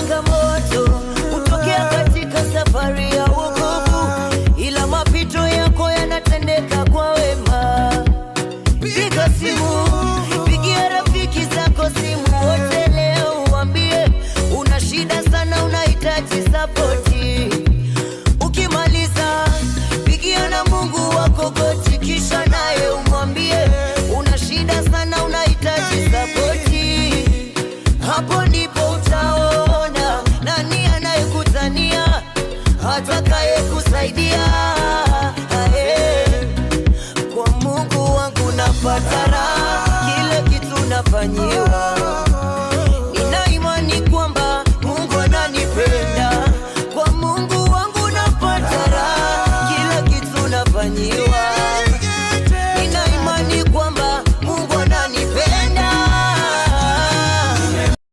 changamoto hutokea katika safari ya wokovu, ila mapito yako yanatendeka kwa wema. Piga simu, pigia rafiki zako simu wote leo, uambie una shida sana, unahitaji sapoti. madhara, kila kitu nafanyiwa. Nina kwamba Mungu ananipenda, kwa Mungu wangu napata raha, kila kitu nafanyiwa